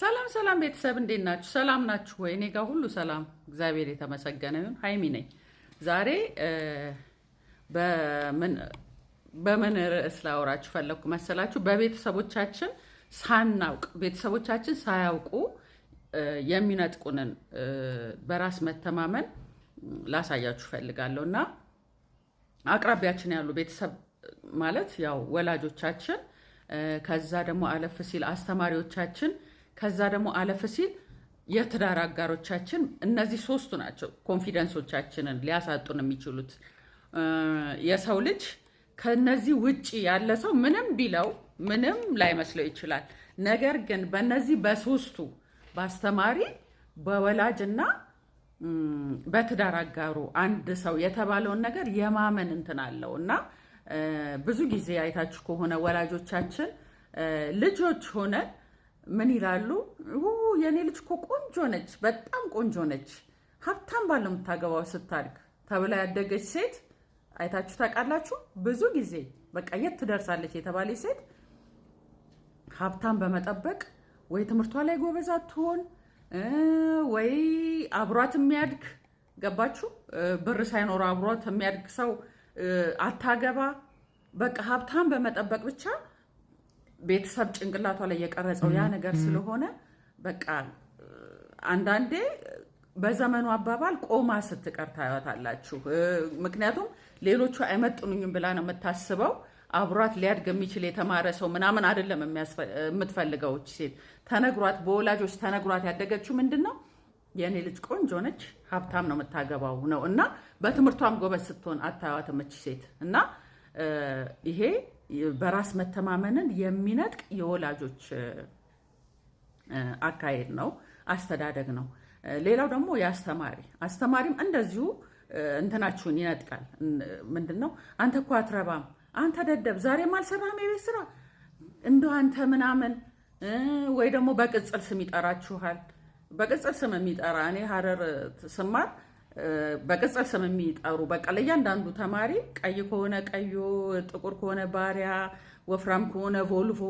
ሰላም ሰላም ቤተሰብ እንዴት ናችሁ? ሰላም ናችሁ ወይ? እኔ ጋር ሁሉ ሰላም፣ እግዚአብሔር የተመሰገነ ይሁን። ሀይሚ ነኝ። ዛሬ በምን ርዕስ ላወራችሁ ፈለግኩ መሰላችሁ? በቤተሰቦቻችን ሳናውቅ ቤተሰቦቻችን ሳያውቁ የሚነጥቁንን በራስ መተማመን ላሳያችሁ ፈልጋለሁ እና አቅራቢያችን ያሉ ቤተሰብ ማለት ያው ወላጆቻችን፣ ከዛ ደግሞ አለፍ ሲል አስተማሪዎቻችን ከዛ ደግሞ አለፍ ሲል የትዳር አጋሮቻችን እነዚህ ሶስቱ ናቸው ኮንፊደንሶቻችንን ሊያሳጡን የሚችሉት። የሰው ልጅ ከነዚህ ውጪ ያለ ሰው ምንም ቢለው ምንም ላይመስለው ይችላል። ነገር ግን በነዚህ በሶስቱ በአስተማሪ በወላጅ እና በትዳር አጋሩ አንድ ሰው የተባለውን ነገር የማመን እንትን አለው እና ብዙ ጊዜ አይታችሁ ከሆነ ወላጆቻችን ልጆች ሆነን ምን ይላሉ? የእኔ ልጅ እኮ ቆንጆ ነች፣ በጣም ቆንጆ ነች፣ ሀብታም ባለ ምታገባው የምታገባው ስታድግ ተብላ ያደገች ሴት አይታችሁ ታውቃላችሁ? ብዙ ጊዜ በቃ የት ትደርሳለች የተባለች ሴት ሀብታም በመጠበቅ ወይ ትምህርቷ ላይ ጎበዛ ትሆን ወይ አብሯት የሚያድግ ገባችሁ፣ ብር ሳይኖረው አብሯት የሚያድግ ሰው አታገባ። በቃ ሀብታም በመጠበቅ ብቻ ቤተሰብ ጭንቅላቷ ላይ የቀረጸው ያ ነገር ስለሆነ በቃ አንዳንዴ በዘመኑ አባባል ቆማ ስትቀር ታያታላችሁ። ምክንያቱም ሌሎቹ አይመጥኑኝም ብላ ነው የምታስበው። አብሯት ሊያድግ የሚችል የተማረ ሰው ምናምን አይደለም የምትፈልገው ሴት። ተነግሯት በወላጆች ተነግሯት ያደገችው ምንድን ነው የእኔ ልጅ ቆንጆ ነች፣ ሀብታም ነው የምታገባው ነው እና በትምህርቷም ጎበዝ ስትሆን አታዩት የምች ሴት እና ይሄ በራስ መተማመንን የሚነጥቅ የወላጆች አካሄድ ነው፣ አስተዳደግ ነው። ሌላው ደግሞ የአስተማሪ አስተማሪም እንደዚሁ እንትናችሁን ይነጥቃል። ምንድን ነው አንተ እኮ አትረባም፣ አንተ ደደብ፣ ዛሬም አልሰራህም የቤት ስራ እንደ አንተ ምናምን ወይ ደግሞ በቅጽል ስም ይጠራችኋል። በቅጽል ስም የሚጠራ እኔ ሀረር ስማር በቅጽል ስም የሚጠሩ በቃ ለእያንዳንዱ ተማሪ ቀይ ከሆነ ቀዩ፣ ጥቁር ከሆነ ባሪያ፣ ወፍራም ከሆነ ቮልቮ፣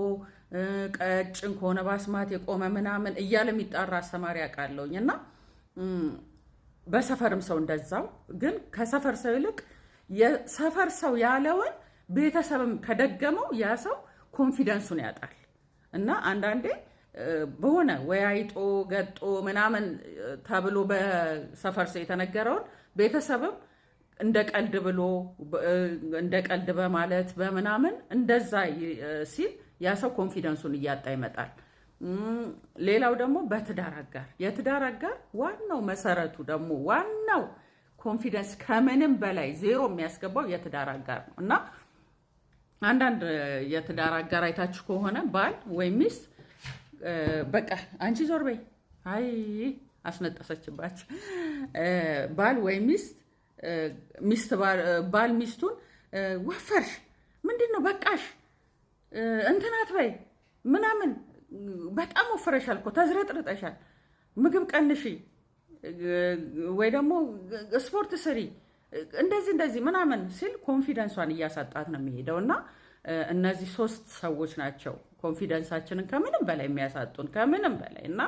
ቀጭን ከሆነ ባስማት የቆመ ምናምን እያለ የሚጠራ አስተማሪ አውቃለሁኝ። እና በሰፈርም ሰው እንደዛው። ግን ከሰፈር ሰው ይልቅ የሰፈር ሰው ያለውን ቤተሰብም ከደገመው ያ ሰው ኮንፊደንሱን ያጣል እና አንዳንዴ በሆነ ወያይጦ ገጦ ምናምን ተብሎ በሰፈር ሰው የተነገረውን ቤተሰብም እንደ ቀልድ ብሎ እንደ ቀልድ በማለት በምናምን እንደዛ ሲል ያ ሰው ኮንፊደንሱን እያጣ ይመጣል። ሌላው ደግሞ በትዳር አጋር የትዳር አጋር ዋናው መሰረቱ ደግሞ ዋናው ኮንፊደንስ ከምንም በላይ ዜሮ የሚያስገባው የትዳር አጋር ነው እና አንዳንድ የትዳር አጋር አይታችሁ ከሆነ ባል ወይም ሚስት በቃ አንቺ ዞር በይ። አይ አስነጠሰችባቸው። ባል ወይ ሚስት ሚስት ባል ሚስቱን ወፈርሽ፣ ምንድን ነው በቃሽ፣ እንትናት በይ ምናምን በጣም ወፍረሻል እኮ ተዝረጥርጠሻል፣ ምግብ ቀንሽ ወይ ደግሞ ስፖርት ስሪ፣ እንደዚህ እንደዚህ ምናምን ሲል ኮንፊደንሷን እያሳጣት ነው የሚሄደው እና እነዚህ ሶስት ሰዎች ናቸው ኮንፊደንሳችንን ከምንም በላይ የሚያሳጡን ከምንም በላይ እና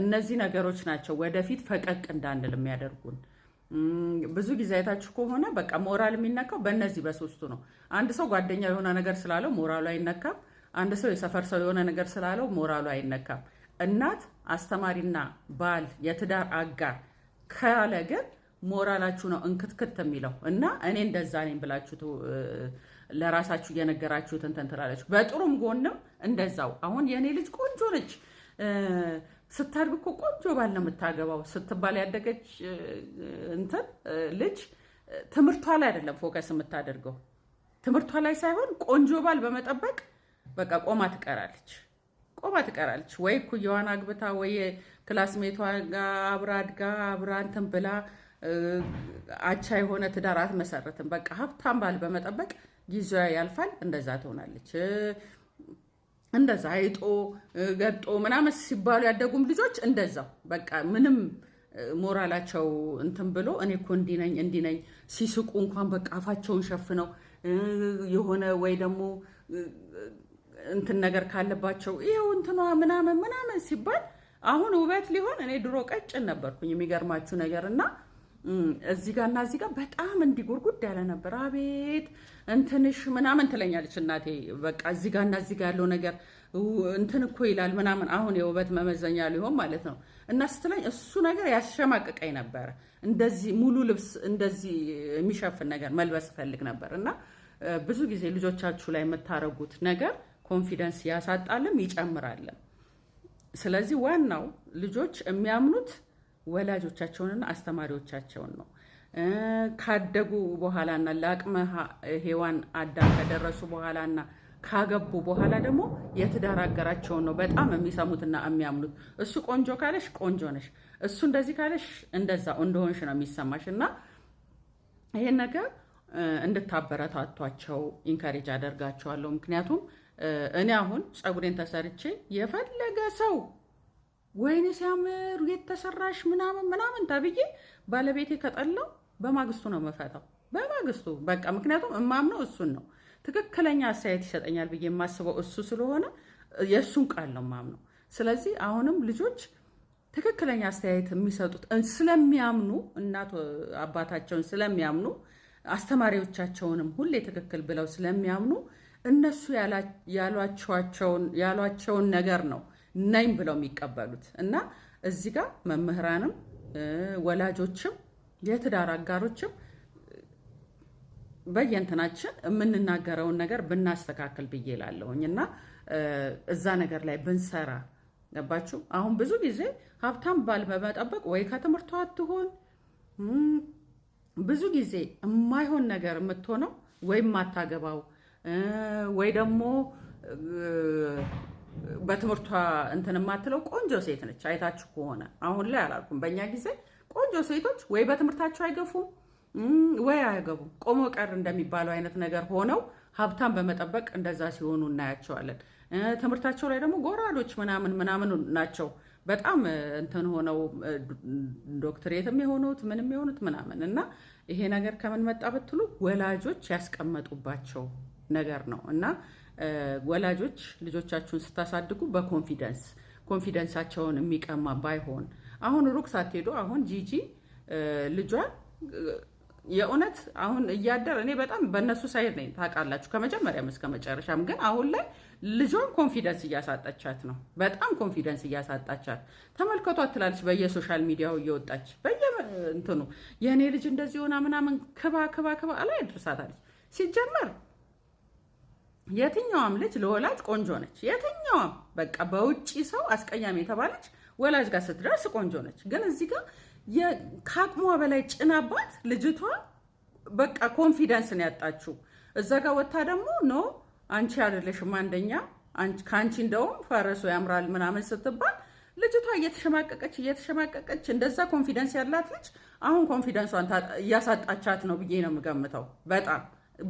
እነዚህ ነገሮች ናቸው ወደፊት ፈቀቅ እንዳንል የሚያደርጉን። ብዙ ጊዜ አይታችሁ ከሆነ በቃ ሞራል የሚነካው በእነዚህ በሶስቱ ነው። አንድ ሰው ጓደኛ የሆነ ነገር ስላለው ሞራሉ አይነካም። አንድ ሰው የሰፈር ሰው የሆነ ነገር ስላለው ሞራሉ አይነካም። እናት፣ አስተማሪና ባል፣ የትዳር አጋር ካለ ግን ሞራላችሁ ነው እንክትክት የሚለው እና እኔ እንደዛ ነኝ ብላችሁ ለራሳችሁ እየነገራችሁት እንትን ትላለች። በጥሩም ጎንም እንደዛው አሁን የእኔ ልጅ ቆንጆ ነች ስታድግ እኮ ቆንጆ ባል ነው የምታገባው ስትባል ያደገች እንትን ልጅ ትምህርቷ ላይ አይደለም ፎከስ የምታደርገው ትምህርቷ ላይ ሳይሆን ቆንጆ ባል በመጠበቅ በቃ ቆማ ትቀራለች። ቆማ ትቀራለች ወይ እኩያዋን አግብታ ወይ ክላስሜቷ ጋር አብራ አድጋ አብራ እንትን ብላ አቻ የሆነ ትዳር አትመሰረትም። በቃ ሀብታም ባል በመጠበቅ ጊዜዋ ያልፋል፣ እንደዛ ትሆናለች። እንደዛ አይጦ ገጦ ምናምን ሲባሉ ያደጉም ልጆች እንደዛው በቃ ምንም ሞራላቸው እንትን ብሎ እኔ እኮ እንዲነኝ እንዲነኝ ሲስቁ እንኳን በቃ አፋቸውን ሸፍነው የሆነ ወይ ደግሞ እንትን ነገር ካለባቸው ይኸው እንትኗ ምናምን ምናምን ሲባል አሁን ውበት ሊሆን እኔ ድሮ ቀጭን ነበርኩኝ የሚገርማችሁ ነገር እና እዚህ ጋር እና እዚህ ጋር በጣም እንዲጎርጉድ ያለ ነበር። አቤት እንትንሽ ምናምን ትለኛለች እናቴ። በቃ እዚህ ጋር እና እዚህ ጋር ያለው ነገር እንትን እኮ ይላል ምናምን፣ አሁን የውበት መመዘኛ ሊሆን ማለት ነው እና ስትለኝ፣ እሱ ነገር ያሸማቅቀኝ ነበር እንደዚህ ሙሉ ልብስ እንደዚህ የሚሸፍን ነገር መልበስ እፈልግ ነበር እና ብዙ ጊዜ ልጆቻችሁ ላይ የምታረጉት ነገር ኮንፊደንስ ያሳጣልም ይጨምራልም። ስለዚህ ዋናው ልጆች የሚያምኑት ወላጆቻቸውንና አስተማሪዎቻቸውን ነው። ካደጉ በኋላና ለአቅመ ሔዋን አዳም ከደረሱ በኋላና ካገቡ በኋላ ደግሞ የትዳር አጋራቸውን ነው በጣም የሚሰሙትና የሚያምኑት። እሱ ቆንጆ ካለሽ ቆንጆ ነሽ፣ እሱ እንደዚህ ካለሽ እንደዛ እንደሆንሽ ነው የሚሰማሽ። እና ይሄን ነገር እንድታበረታቷቸው ኢንካሬጅ አደርጋቸዋለሁ። ምክንያቱም እኔ አሁን ፀጉሬን ተሰርቼ የፈለገ ሰው ወይኔ ሲያምር የተሰራሽ ምናምን ምናምን ተብዬ ባለቤቴ ከጠላው በማግስቱ ነው መፈታው። በማግስቱ በቃ ምክንያቱም እማምነው እሱን ነው ትክክለኛ አስተያየት ይሰጠኛል ብዬ የማስበው እሱ ስለሆነ የእሱን ቃል ነው ማምነው። ስለዚህ አሁንም ልጆች ትክክለኛ አስተያየት የሚሰጡት ስለሚያምኑ እናት አባታቸውን ስለሚያምኑ አስተማሪዎቻቸውንም ሁሌ ትክክል ብለው ስለሚያምኑ እነሱ ያሏቸውን ነገር ነው ነኝ ብለው የሚቀበሉት እና እዚህ ጋር መምህራንም ወላጆችም የትዳር አጋሮችም በየንትናችን የምንናገረውን ነገር ብናስተካክል ብዬ እላለሁኝ እና እዛ ነገር ላይ ብንሰራ ገባችሁ። አሁን ብዙ ጊዜ ሀብታም ባል በመጠበቅ ወይ ከትምህርቷ አትሆን ብዙ ጊዜ የማይሆን ነገር የምትሆነው ወይም ማታገባው ወይ ደግሞ በትምህርቷ እንትን የማትለው ቆንጆ ሴት ነች። አይታችሁ ከሆነ አሁን ላይ አላልኩም፣ በእኛ ጊዜ ቆንጆ ሴቶች ወይ በትምህርታቸው አይገፉም ወይ አይገቡ ቆሞ ቀር እንደሚባለው አይነት ነገር ሆነው ሀብታም በመጠበቅ እንደዛ ሲሆኑ እናያቸዋለን። ትምህርታቸው ላይ ደግሞ ጎራዶች ምናምን ምናምን ናቸው። በጣም እንትን ሆነው ዶክትሬትም የሆኑት ምንም የሆኑት ምናምን እና ይሄ ነገር ከምን መጣ ብትሉ ወላጆች ያስቀመጡባቸው ነገር ነው እና ወላጆች ልጆቻችሁን ስታሳድጉ በኮንፊደንስ ኮንፊደንሳቸውን የሚቀማ ባይሆን አሁን ሩቅ ሳትሄዱ አሁን ጂጂ ልጇን የእውነት አሁን እያደር እኔ በጣም በእነሱ ሳይድ ነኝ ታውቃላችሁ፣ ከመጀመሪያም እስከ መጨረሻም። ግን አሁን ላይ ልጇን ኮንፊደንስ እያሳጣቻት ነው። በጣም ኮንፊደንስ እያሳጣቻት ተመልከቷት፣ ትላለች በየሶሻል ሚዲያው እየወጣች በየእንትኑ የእኔ ልጅ እንደዚህ ሆና ምናምን ክባ ክባ ክባ ላይ አድርሳታለች ሲጀመር የትኛዋም ልጅ ለወላጅ ቆንጆ ነች። የትኛዋም በቃ በውጪ ሰው አስቀያሚ የተባለች ወላጅ ጋር ስትደርስ ቆንጆ ነች። ግን እዚህ ጋር ከአቅሟ በላይ ጭናባት ልጅቷ በቃ ኮንፊደንስን ያጣችው እዛ ጋር ወታ ደግሞ ኖ አንቺ አይደለሽም አንደኛ ከአንቺ እንደውም ፈረሱ ያምራል ምናምን ስትባል ልጅቷ እየተሸማቀቀች እየተሸማቀቀች እንደዛ ኮንፊደንስ ያላት ልጅ አሁን ኮንፊደንሷን እያሳጣቻት ነው ብዬ ነው የምገምተው በጣም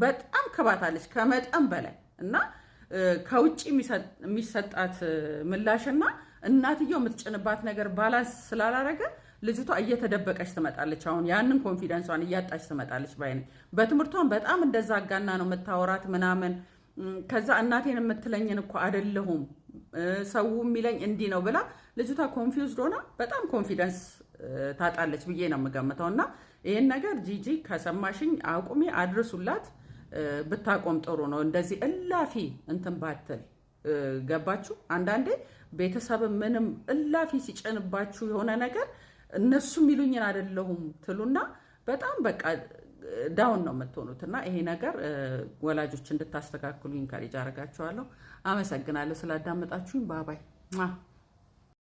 በጣም ከባታለች ከመጠን በላይ እና ከውጭ የሚሰጣት ምላሽና እናትየው የምትጭንባት ነገር ባላንስ ስላላረገ ልጅቷ እየተደበቀች ትመጣለች። አሁን ያንን ኮንፊደንሷን እያጣች ትመጣለች ባይ በትምህርቷን በጣም እንደዛ አጋና ነው የምታወራት ምናምን። ከዛ እናቴን የምትለኝን እኮ አይደለሁም ሰው የሚለኝ እንዲህ ነው ብላ ልጅቷ ኮንፊውዝድ ሆና በጣም ኮንፊደንስ ታጣለች ብዬ ነው የምገምተው እና ይሄን ነገር ጂጂ ከሰማሽኝ አቁሜ አድርሱላት ብታቆም ጥሩ ነው። እንደዚህ እላፊ እንትን ባትል ገባችሁ። አንዳንዴ ቤተሰብ ምንም እላፊ ሲጨንባችሁ የሆነ ነገር እነሱ የሚሉኝን አይደለሁም ትሉና በጣም በቃ ዳውን ነው የምትሆኑት። እና ይሄ ነገር ወላጆች እንድታስተካክሉ ኢንካሬጅ አደርጋችኋለሁ። አመሰግናለሁ ስላዳመጣችሁኝ። ባባይ